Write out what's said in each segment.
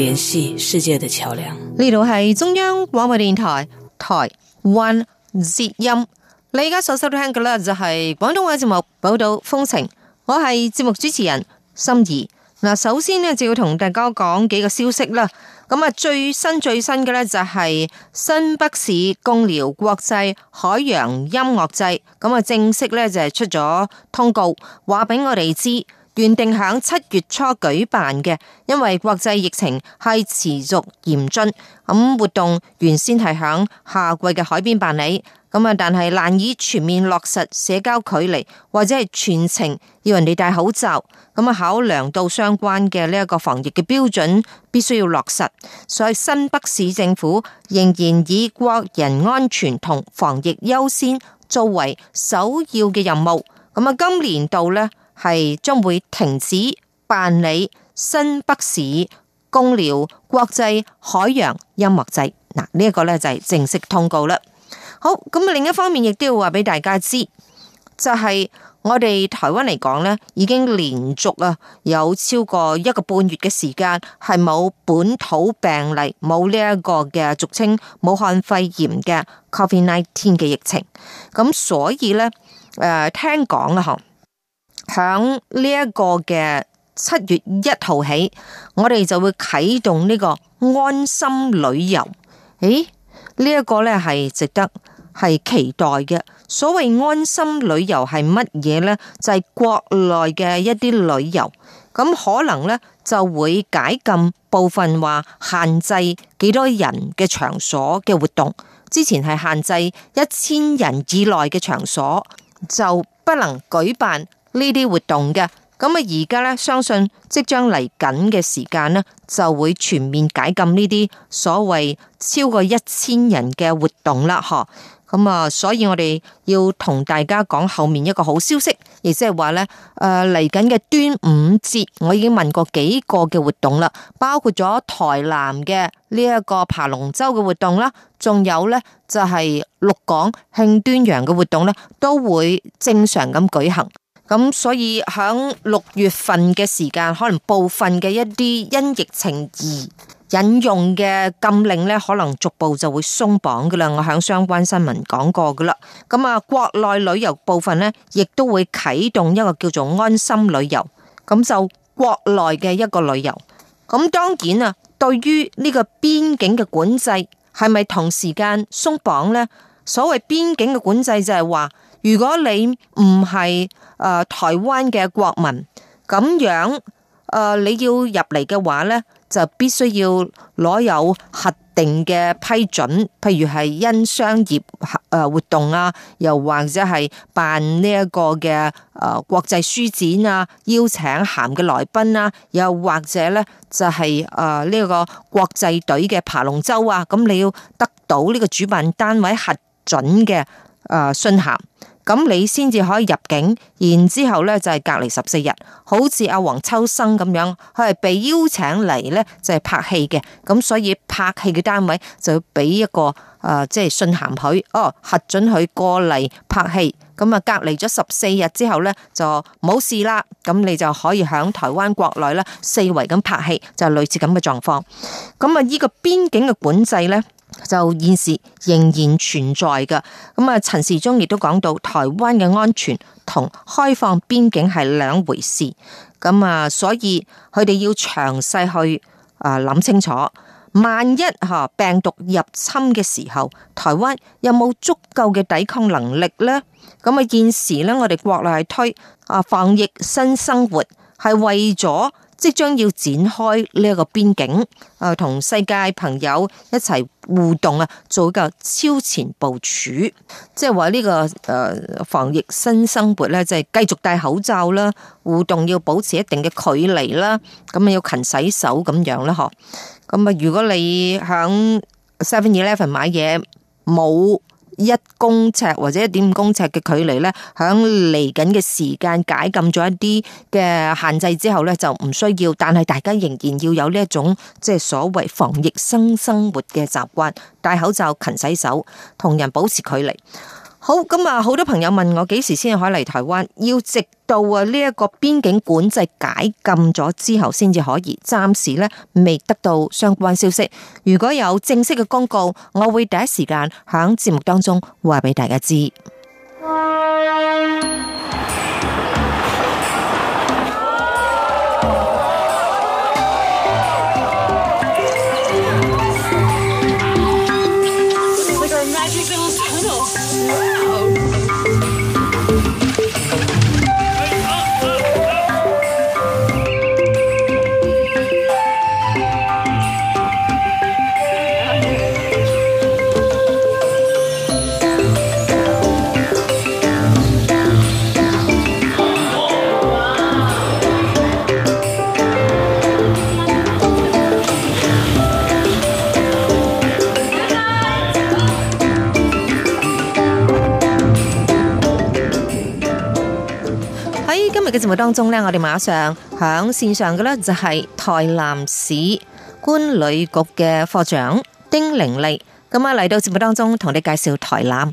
聯繫世界的橋樑。呢度係中央廣播電台台灣節音，你而家所收聽嘅咧就係廣東話節目《寶島風情》，我係節目主持人心怡。嗱，首先呢，就要同大家講幾個消息啦。咁啊，最新最新嘅咧就係新北市貢寮國際海洋音樂祭。咁啊正式咧就係、是、出咗通告，話俾我哋知。原定喺七月初舉辦嘅，因為國際疫情係持續嚴峻，咁活動原先係響夏季嘅海邊辦理，咁啊，但係難以全面落實社交距離或者係全程要人哋戴口罩，咁啊，考量到相關嘅呢一個防疫嘅標準必須要落實，所以新北市政府仍然以國人安全同防疫優先作為首要嘅任務，咁啊，今年度呢。係將會停止辦理新北市貢寮國際海洋音樂祭。嗱，呢一個呢就係正式通告啦。好咁，另一方面亦都要話俾大家知，就係我哋台灣嚟講呢已經連續啊有超過一個半月嘅時間係冇本土病例，冇呢一個嘅俗稱武漢肺炎嘅 COVID-19 嘅疫情。咁所以呢，誒聽講啦，響呢一個嘅七月一號起，我哋就會啟動呢個安心旅遊。誒、哎、呢、這、一個呢係值得係期待嘅。所謂安心旅遊係乜嘢呢？就係、是、國內嘅一啲旅遊，咁可能呢就會解禁部分話限制幾多少人嘅場所嘅活動。之前係限制一千人以內嘅場所就不能舉辦。呢啲活動嘅，咁啊，而家咧相信即將嚟緊嘅時間呢，就會全面解禁呢啲所謂超過一千人嘅活動啦。嗬，咁啊，所以我哋要同大家講後面一個好消息，亦即係話呢，誒，嚟緊嘅端午節，我已經問過幾個嘅活動啦，包括咗台南嘅呢一個爬龍舟嘅活動啦，仲有呢，就係鹿港慶端陽嘅活動呢，都會正常咁舉行。咁所以喺六月份嘅時間，可能部分嘅一啲因疫情而引用嘅禁令呢，可能逐步就會鬆綁噶啦。我喺相關新聞講過噶啦。咁啊，國內旅遊部分呢，亦都會啟動一個叫做安心旅遊。咁就國內嘅一個旅遊。咁當然啊，對於呢個邊境嘅管制，係咪同時間鬆綁呢？所謂邊境嘅管制，就係話。如果你唔係誒台灣嘅國民，咁樣誒你要入嚟嘅話咧，就必須要攞有核定嘅批准，譬如係因商業誒活動啊，又或者係辦呢一個嘅誒國際書展啊，邀請函嘅來賓啊，又或者咧就係誒呢個國際隊嘅爬龍舟啊，咁你要得到呢個主辦單位核准嘅誒信函。咁你先至可以入境，然之後咧就係隔離十四日，好似阿黃秋生咁樣，佢係被邀請嚟咧就係拍戲嘅，咁所以拍戲嘅單位就要俾一個誒即係信函佢，哦核准佢過嚟拍戲，咁啊隔離咗十四日之後咧就冇事啦，咁你就可以響台灣國內咧四圍咁拍戲，就係類似咁嘅狀況，咁啊呢個邊境嘅管制咧。就現時仍然存在嘅，咁啊，陳時中亦都講到，台灣嘅安全同開放邊境係兩回事，咁啊，所以佢哋要詳細去啊諗清楚，萬一嚇病毒入侵嘅時候，台灣有冇足夠嘅抵抗能力呢？咁啊，現時咧，我哋國內係推啊防疫新生活，係為咗，即將要展開呢一個邊境，誒，同世界朋友一齊互動啊，做一個超前部署，即係話呢個誒防疫新生活咧，就係繼續戴口罩啦，互動要保持一定嘅距離啦，咁啊要勤洗手咁樣啦。嗬。咁啊，如果你響 Seven Eleven 買嘢冇。沒一公尺或者一點五公尺嘅距離呢，響嚟緊嘅時間解禁咗一啲嘅限制之後呢就唔需要，但係大家仍然要有呢一種即係所謂防疫新生活嘅習慣，戴口罩、勤洗手、同人保持距離。好，咁啊，好多朋友問我幾時先可以嚟台灣？要直到啊呢一個邊境管制解禁咗之後，先至可以。暫時咧未得到相關消息。如果有正式嘅公告，我會第一時間響節目當中話俾大家知。節目當中呢，我哋馬上響線上嘅，呢就係台南市觀旅局嘅科長丁玲麗，咁啊嚟到節目當中同你介紹台南。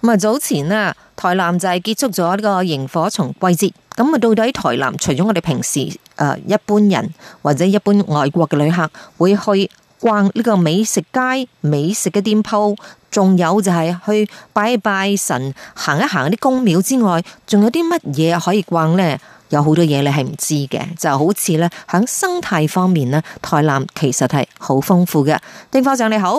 咁啊早前呢，台南就係結束咗呢個螢火蟲季節，咁啊到底台南除咗我哋平時誒一般人或者一般外國嘅旅客會去逛呢個美食街、美食嘅店鋪？仲有就係去拜拜神、行一行啲宮廟之外，仲有啲乜嘢可以逛咧？有好多嘢你係唔知嘅，就好似咧響生態方面咧，台南其實係好豐富嘅。丁科長你好。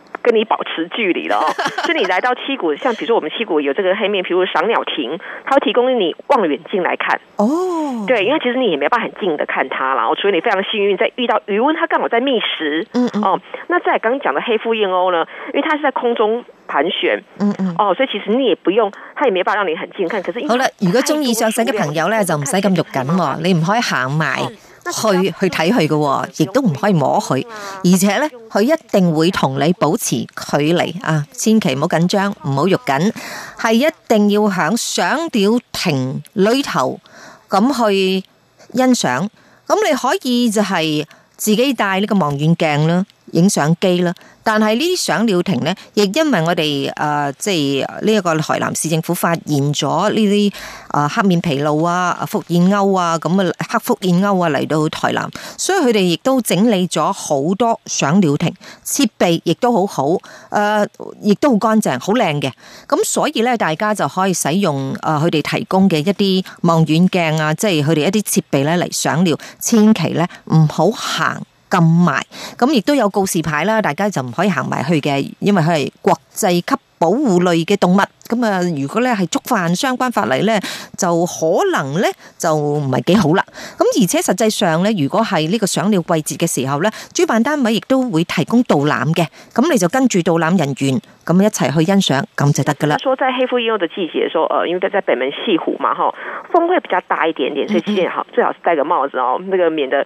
跟你保持距離了哦，所以你來到七股，像比如說我們七股有這個黑面，譬如賞鳥亭，它會提供你望遠鏡來看哦。Oh. 對，因為其實你也沒辦法很近的看它啦，我除非你非常幸運，在遇到魚塭，它剛好在覓食。嗯嗯。哦，那在剛剛講的黑腹燕鷗呢？因為它是在空中盤旋。嗯嗯。哦，所以其實你也不用，它也沒辦法讓你很近看。可是因為，好了如果中意上身的朋友呢，我看 就唔使咁肉緊，你唔可以行埋。嗯去去睇佢嘅，亦都唔可以摸佢，而且呢，佢一定會同你保持距離啊！千祈唔好緊張，唔好肉緊，係一定要響賞鳥亭裏頭咁去欣賞。咁你可以就係自己戴呢個望遠鏡啦。影相機啦，但係呢啲賞鳥亭呢，亦因為我哋誒即係呢一個台南市政府發現咗呢啲誒黑面琵鷺啊、腹燕鷗啊咁啊黑腹燕鷗啊嚟到台南，所以佢哋亦都整理咗好多賞鳥亭設備，亦、呃、都好好誒，亦都好乾淨、好靚嘅。咁所以咧，大家就可以使用誒佢哋提供嘅一啲望遠鏡啊，即係佢哋一啲設備咧嚟賞鳥，千祈咧唔好行。禁埋，咁亦都有告示牌啦，大家就唔可以行埋去嘅，因為佢係國際級保護類嘅動物。咁啊，如果咧係觸犯相關法例咧，就可能咧就唔係幾好啦。咁而且實際上咧，如果係呢個賞鳥季節嘅時候咧，主辦單位亦都會提供導覽嘅，咁你就跟住導覽人員咁一齊去欣賞，咁就得噶啦。說在黑腹燕鷗的季節，說，誒，因為佢在北門西湖嘛，嗬，風會比較大一點點，所以建議好，最好是戴個帽子哦，那個免得。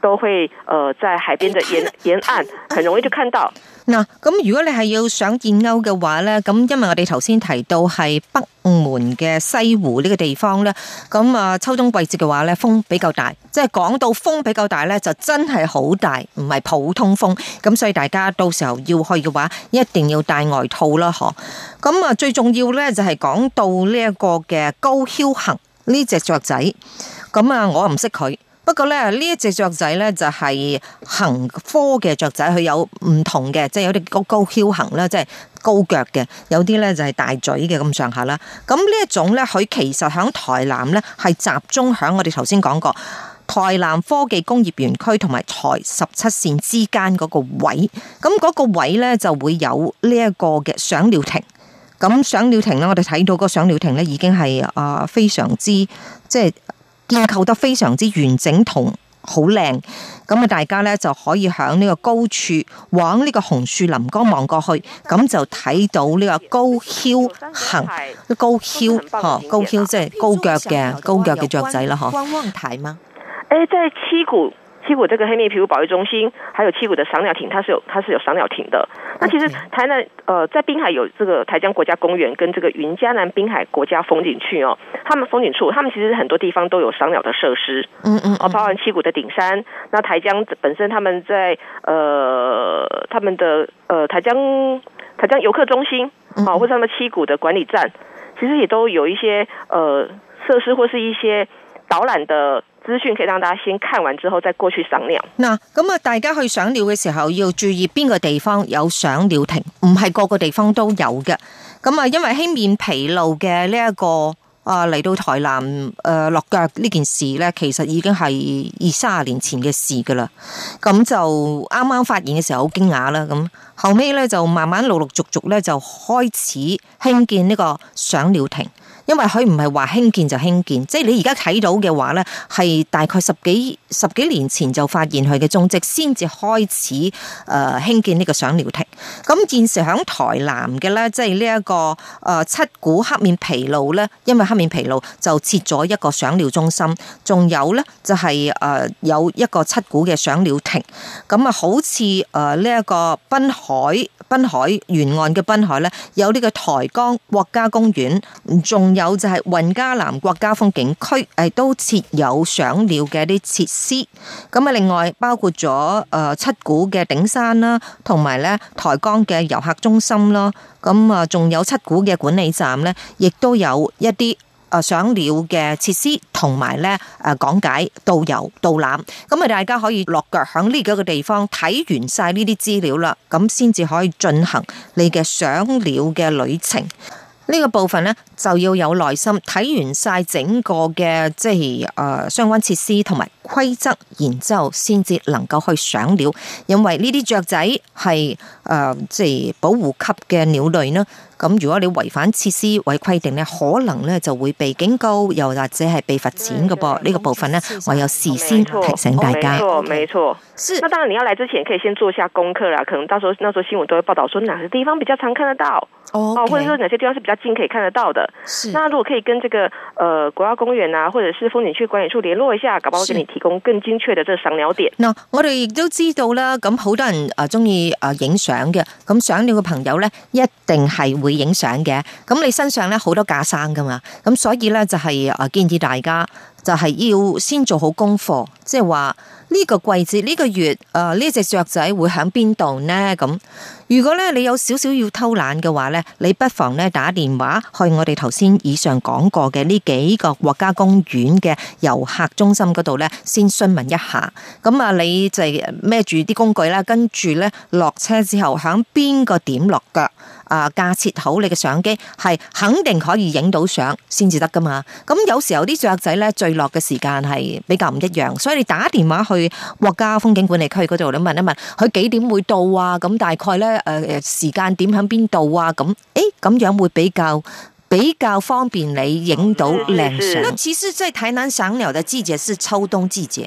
都會，誒，在海邊嘅沿沿岸，很容易就看到。嗱、啊，咁如果你係要想見鷗嘅話呢，咁因為我哋頭先提到係北門嘅西湖呢個地方呢，咁啊秋冬季節嘅話呢風比較大，即係講到風比較大呢，就真係好大，唔係普通風。咁所以大家到時候要去嘅話，一定要帶外套啦，嗬。咁啊，最重要呢就係講到呢一個嘅高蹺鴴呢隻雀仔，咁啊，我唔識佢。不過咧，呢一隻雀仔咧就係、是、行科嘅雀仔，佢有唔同嘅，即、就、係、是、有啲高高翹行啦，即、就、係、是、高腳嘅，有啲咧就係、是、大嘴嘅咁上下啦。咁呢一種咧，佢其實喺台南咧係集中喺我哋頭先講過，台南科技工業園區同埋台十七線之間嗰個位。咁嗰個位咧就會有呢一個嘅賞鳥亭。咁賞鳥亭咧，我哋睇到個賞鳥亭咧已經係啊非常之即係，就是.建構得非常之完整同好靚，咁啊大家咧就可以響呢個高處往呢個紅樹林江望過去，咁就睇到呢個高蹺行，高蹺嗬，高蹺即係高腳嘅高腳嘅雀仔啦嗬。觀光台嗎？誒，在七股。七股這個黑面琵鷺保育中心，還有七股的賞鳥亭，它是有它是有賞鳥亭的。Okay. 那其實台南呃，在濱海有這個台江國家公園跟這個雲嘉南濱海國家風景區哦，他們風景處，他們其實很多地方都有賞鳥的設施。嗯，嗯嗯。哦，包含七股的頂山，那台江本身他們在呃他們的呃台江台江遊客中心啊，哦、嗯嗯或者他們七股的管理站，其實也都有一些呃設施或是一些導覽的。資訊可以讓大家先看完之後再過去賞鳥。嗱，咁啊，大家去賞鳥嘅時候要注意邊個地方有賞鳥亭，唔係個個地方都有嘅。咁啊，因為黑面琵鷺嘅呢一個啊嚟到台南誒落腳呢件事咧，其實已經係二三十年前嘅事㗎喇。咁就啱啱發現嘅時候好驚訝啦。咁後尾咧就慢慢陸陸續續咧就開始興建呢個賞鳥亭。因為佢唔係話興建就興建，即係你而家睇到嘅話咧，係大概十幾十幾年前就發現佢嘅蹤跡，先至開始誒興、呃、建呢個賞鳥亭。咁現時響台南嘅咧，即係呢一個誒、呃、七股黑面琵鷺咧，因為黑面琵鷺就設咗一個賞鳥中心，仲有咧就係、是、誒、呃、有一個七股嘅賞鳥亭。咁啊，好似誒呢一個濱海濱海沿岸嘅濱海咧，有呢個台江國家公園，仲有就係雲嘉南國家風景區，誒都設有賞鳥嘅啲設施。咁啊，另外包括咗誒七股嘅頂山啦，同埋咧台江嘅遊客中心啦。咁啊，仲有七股嘅管理站咧，亦都有一啲誒賞鳥嘅設施，同埋咧誒講解導遊導覽。咁啊，大家可以落腳喺呢幾個地方，睇完晒呢啲資料啦，咁先至可以進行你嘅賞鳥嘅旅程。呢個部分咧就要有耐心睇完晒整個嘅即係誒相關設施同埋規則，然之後先至能夠去賞鳥。因為呢啲雀仔係誒即係保護級嘅鳥類呢。咁如果你違反設施或規定咧，可能咧就會被警告，又或者係被罰錢嘅噃。呢個部分咧，我有事先提醒大家。沒錯，沒錯。Okay. 是。當然，你要嚟之前可以先做下功課啦。可能到時候那時候新聞都會報道，說哪個地方比較常看得到。哦，okay, 或者說哪些地方是比較近可以看得到的？是那如果可以跟這個，呃，國家公園啊，或者是風景區管理處聯絡一下，搞唔好，我給你提供更精確的這個賞鳥點。嗱是、呃，我哋亦都知道啦，咁好多人啊，中意啊影相嘅，咁賞鳥嘅朋友呢，一定係會影相嘅。咁你身上呢，好多架生㗎嘛，咁所以呢，就係啊，建議大家。就係要先做好功課，即係話呢個季節呢、呢個月誒呢、呃、隻雀仔會響邊度呢？咁如果咧你有少少要偷懶嘅話呢，你不妨呢打電話去我哋頭先以上講過嘅呢幾個國家公園嘅遊客中心嗰度呢，先詢問一下。咁啊，你就孭住啲工具啦，跟住呢落車之後響邊個點落腳。啊！架設好你嘅相機，係肯定可以影到相先至得噶嘛。咁有時候啲雀仔咧，墜落嘅時間係比較唔一樣，所以你打電話去國家風景管理區嗰度你問一問，佢幾點會到啊？咁大概咧誒誒時間點喺邊度啊？咁誒咁樣會比較比較方便你影到靚相。那的其實，在台南賞鳥的季節是秋冬季節。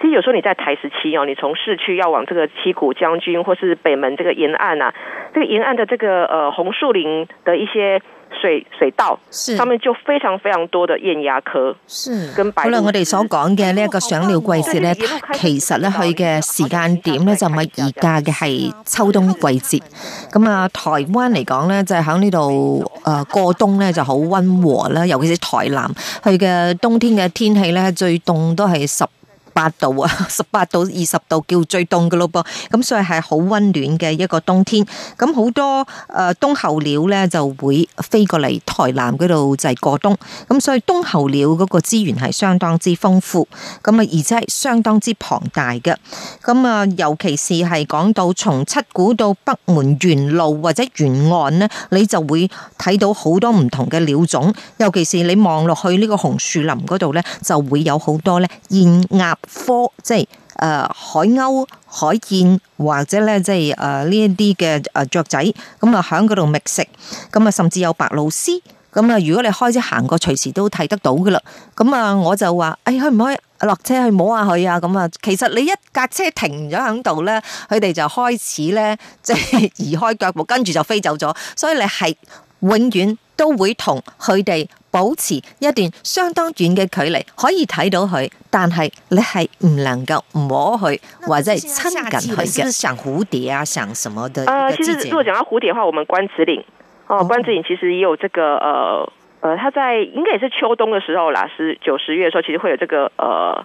其實有時候你在台時期哦，你從市區要往這個七股將軍，或是北門這個沿岸啊，這個沿岸的這個呃紅樹林的一些水水道，上面就非常非常多的雁鴨科，是跟白、哦。好啦、哦，我哋所講嘅呢一個賞鳥季節呢，其實呢佢嘅時間點呢就咪而家嘅係秋冬季節。咁啊、嗯，台灣嚟講呢就喺呢度誒過冬呢就好、是、溫、嗯、和啦，尤其是台南佢嘅冬天嘅天氣呢，最凍都係十。八度啊，十八度、二十度叫最凍噶咯噃，咁所以係好溫暖嘅一個冬天。咁好多誒冬候鳥咧，就會飛過嚟台南嗰度就係、是、過冬。咁所以冬候鳥嗰個資源係相當之豐富，咁啊而且係相當之龐大嘅。咁啊，尤其是係講到從七股到北門沿路或者沿岸咧，你就會睇到好多唔同嘅鳥種。尤其是你望落去呢個紅樹林嗰度咧，就會有好多咧燕鷗。科即係誒、呃、海鷗、海燕或者咧即係誒呢一啲嘅，誒雀仔，咁啊喺嗰度覓食，咁、嗯、啊甚至有白鷺鷥，咁、嗯、啊如果你開車行過，隨時都睇得到噶啦。咁、嗯、啊，我就話誒可唔可以落車去摸下佢啊？咁、嗯、啊，其實你一架車停咗喺度咧，佢哋就開始咧即係移開腳步，跟住就飛走咗。所以你係。永遠都會同佢哋保持一段相當遠嘅距離，可以睇到佢，但係你係唔能夠唔摸佢，或者係親近佢嘅。想蝴蝶啊，想什麼的？呃，其實如果講到蝴蝶嘅話，我們關子嶺哦，關子嶺其實也有這個，呃，呃，它在應該也是秋冬嘅時候啦，十九十月嘅時候，其實會有這個，呃。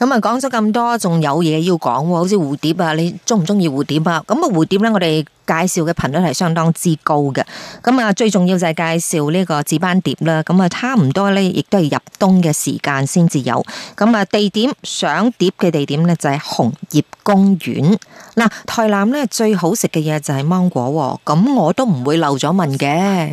咁啊，講咗咁多，仲有嘢要講喎。好似蝴蝶啊，你中唔中意蝴蝶啊？咁啊，蝴蝶咧，我哋介紹嘅頻率係相當之高嘅。咁啊，最重要就係介紹呢個紫斑蝶啦。咁啊，差唔多咧，亦都係入冬嘅時間先至有。咁啊，地點賞蝶嘅地點咧就係紅葉公園。嗱，台南咧最好食嘅嘢就係芒果，咁我都唔會漏咗問嘅。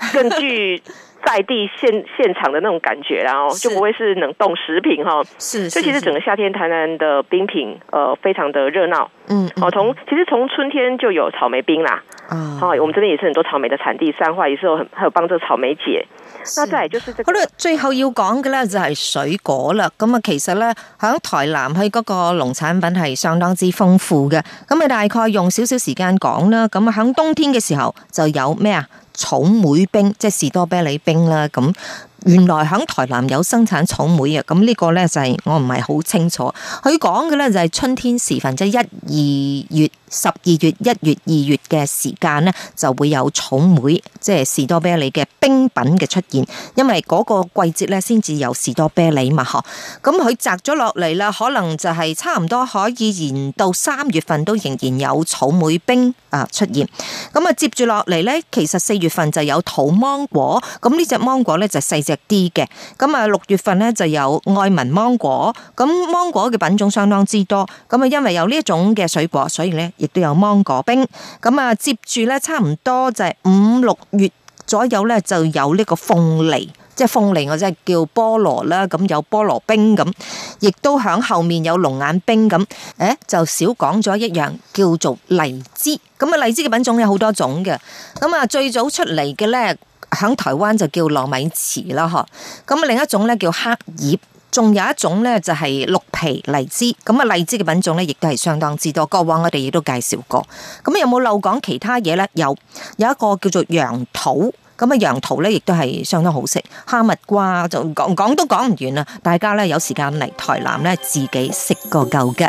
更具在地現現場的那種感覺，然後是就不會是冷凍食品哈。是，所以其實整個夏天台南的冰品呃非常的熱鬧，嗯。嗯，從其實從春天就有草莓冰啦。哦、啊，我們這邊也是很多草莓的產地，三化也是有很還有幫這草莓節。是那再來就是這個。最後要講的呢就係水果啦。咁啊，其實呢，響台南，去嗰個農產品係相當之豐富嘅。咁啊，大概用少少時間講啦。咁啊，響冬天嘅時候就有咩啊？草莓冰即係士多啤梨冰啦，咁原來喺台南有生產草莓啊，咁、這、呢個咧就係、是、我唔係好清楚。佢講嘅咧就係春天時分一二月。十二月、一月、二月嘅時間呢，就會有草莓，即係士多啤梨嘅冰品嘅出現。因為嗰個季節呢，先至有士多啤梨嘛，嗬。咁佢摘咗落嚟啦，可能就係差唔多可以延到三月份都仍然有草莓冰啊出現。咁啊，接住落嚟呢，其實四月份就有土芒果，咁呢隻芒果呢就細隻啲嘅。咁啊，六月份呢，就有愛文芒果，咁芒果嘅品種相當之多。咁啊，因為有呢一種嘅水果，所以呢。亦都有芒果冰，咁啊接住咧，差唔多就係五六月左右咧，就有呢個鳳梨，即係鳳梨我即係叫菠蘿啦，咁有菠蘿冰，咁，亦都響後面有龍眼冰，咁，誒、欸、就少講咗一樣叫做荔枝，咁啊荔枝嘅品種有好多種嘅，咁啊最早出嚟嘅咧，響台灣就叫糯米糍啦呵，咁啊另一種咧，叫黑葉。仲有一種呢，就係綠皮荔枝，咁啊荔枝嘅品種呢，亦都係相當之多。過往我哋亦都介紹過，咁有冇漏講其他嘢呢？有，有一個叫做楊桃，咁啊楊桃呢，亦都係相當好食。哈密瓜就講講都講唔完啦，大家呢，有時間嚟台南呢，自己食個夠嘅。